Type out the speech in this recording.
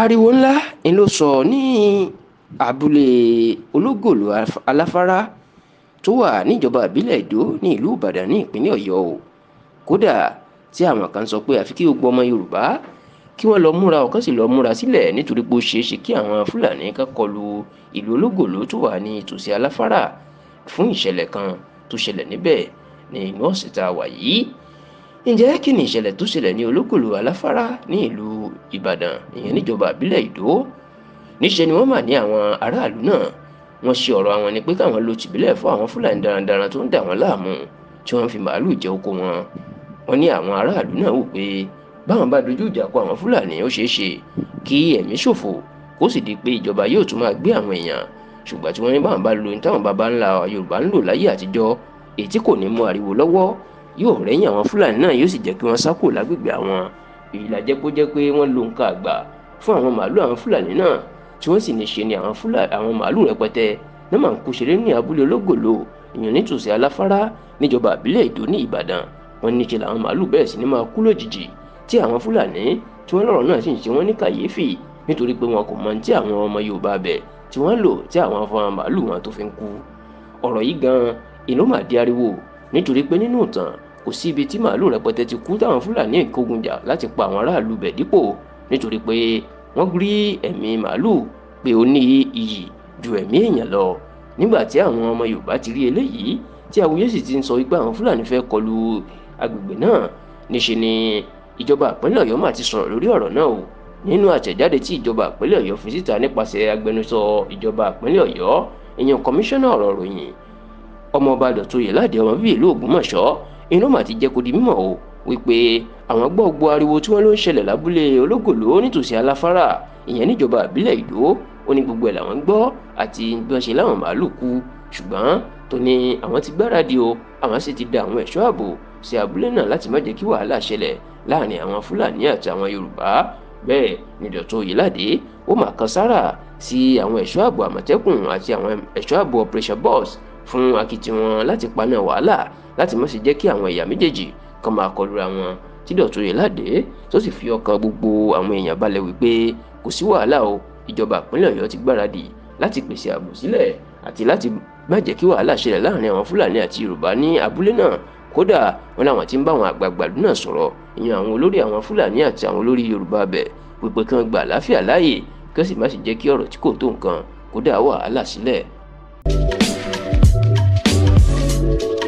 ariwo ńlá ni ló sọ ní abúlé ológòlò aláfárá tó wà níjọba ìbílẹ̀ ìdó ní ìlú ìbàdàn ní ìpínlẹ̀ ọ̀yọ́ o kódà tí àwọn kan sọ pé àfi kí gbogbo ọmọ yorùbá kí wọ́n lọ múra ọ̀kan sì lọ múra sílẹ̀ nítorí pé ó ṣeé ṣe kí àwọn fúlàní kan kọlu ìlú ológòlò tó wà ní ìtòsí aláfárá fún ìṣẹ̀lẹ̀ kan tó ṣẹlẹ̀ níbẹ̀ ní inú ọ̀sẹ̀ tá a wà yìí ǹjẹ́ kí ni ìṣẹ̀lẹ̀ tó ṣẹlẹ̀ ní ológòlò aláfárá ní ìlú ìbàdàn ìyẹn níjọba àbílẹ̀ ìdó níṣẹ́ ni wọ́n mà ní àwọn aráàlú náà wọ́n ṣe ọ̀rọ̀ àwọn ni pé káwọn lo tìbílẹ̀ fún àwọn fúlàní darandaran tó ń dà wọ́n láàmú tí wọ́n fi màálù jẹ oko wọn wọ́n ní àwọn aráàlú náà wò pé báwọn bá dojú ìjà kọ àwọn fúlàní ó ṣeé ṣe kí ẹ̀mí ṣòfò kó sì di pé ìjọba yóò tún máa gbé àwọn èèyàn ṣùgbọ́n tí wọ́n ní báwọn bá lo ní táwọn baba ńlá yorùbá ń lò láyé àtijọ́ èyí tí kò ní mú ariwo lọ́wọ́ yóò rẹ́yìn àwọn fúlàní náà yóò sì jẹ́ kí wọ́n sá kúrò lágbègbè àwọn èyí la jẹ́ kó jẹ́ pé wọ́n lo nǹkan àgbà fún àwọn màálù àwọn fúlàní náà tí wọ́n sì ní ṣe ni àwọn fúlàní àwọn màálù rẹpẹtẹ náà máa ń kó ṣeré ní abúlé ológòlò èèyàn nítòsí aláfárá níjọba àbílẹ̀ èdò ní ìbàdàn wọ́n ní ṣe làwọn màálù bẹ́ẹ̀ sì ni máa kú lójijì tí àwọn fúlàní tí wọ́n lọ́rọ̀ náà sì ń ṣe wọ́n ní kàyéfì nítorí pé wọn kò mọ tí àwọn ọmọ yorùbá bẹ̀ tí wọ́n lò tí àwọn afọ́n màálù wọn tó fi ń kú ọ̀rọ̀ yìí gan-an ìlú màdí ariwo nítorí pé nínú ìtàn kò sí ibi tí màálù rẹpẹtẹ ti kú táwọn fúlàní ìkógun jà láti pa àwọn aráàlú bẹ̀ dípò nítorí pé wọ́n rí ẹ̀mí màálù pé ó ní iyì ju ẹ̀mí èèyàn lọ nígbà tí àwọn ọmọ yorùbá ti rí eléyìí tí awuyé sì ti ń sọ wípé àwọn fúlàní fẹ́ kọlu agbègbè náà níṣe ni ìjọba ìpínlẹ̀ ọ̀yọ́ mà ti sọ̀rọ̀ lórí ọ̀rọ̀ náà o nínú àtẹ̀jáde tí ìjọba ìpínlẹ̀ ọ̀yọ́ fi síta nípasẹ̀ agbẹnusọ ìjọba ìpínlẹ̀ ọ̀yọ́ ìyẹn kọmíṣánná ọ̀rọ̀ ròyìn ọmọọba dọ̀tun yìládìí ọmọ bíbí ìlú ògbómọ̀ṣọ́ inú mà ti jẹ́ kó di mímọ̀ o wípé àwọn gbọ́ gbọ́ ariwo tí wọ́n ló ń ṣẹlẹ̀ lábúlé ológòló nítòsí aláfárà ìyẹn níjọba ìbílẹ̀ ìdó ó ní gbogbo ẹ̀ làwọn gbọ́ àti bí wọ́n ṣe láwọn màálù kú ṣùgbọ́n tó ní àwọn ti gbáradì o àwọn sì ti da àwọn ẹ̀ṣọ́ ààbò sí abúlé náà láti má jẹ́ kí wàhálà ṣẹlẹ̀ láàrin àwọn fúlàní àti àwọn yorùbá bẹ́ẹ̀ ni dọ̀tún ó mà kan sára sí àwọn ẹ̀ṣọ́ ààbò àmọ̀tẹ́kùn àti àwọn ẹ̀ṣọ́ ààbò operation boss fún akitiyan wọn láti paná wàhálà láti má ṣe jẹ́ kí àwọn ẹ̀yà méjèèjì kan máa kọlura wọn tí Dọ̀tun Oyèládé tó sì fi ọkàn gbogbo àwọn èèyàn balẹ̀ wípé kò sí wàhálà o ìjọba ìpínlẹ̀ Ọ̀yọ́ ti gbáradì láti pèsè ààbò sílẹ̀ àti láti má jẹ́ kí wàhálà ṣẹlẹ̀ láàrin àwọn Fúlàní àti Yorùbá ní abúlé náà kódà wọn làwọn ti ń bá àwọn àgbààgbà náà sọ̀rọ̀ ìyẹn àwọn olórí àwọn Fúlàní àti àwọn olórí Yorùbá bẹ̀ wípé kí wọ́n gba láàyè kí wọ́n sì má sì jẹ́ kí ọ̀rọ̀ tí kò tó nǹkan kódà wàhálà sílẹ̀ Thank you.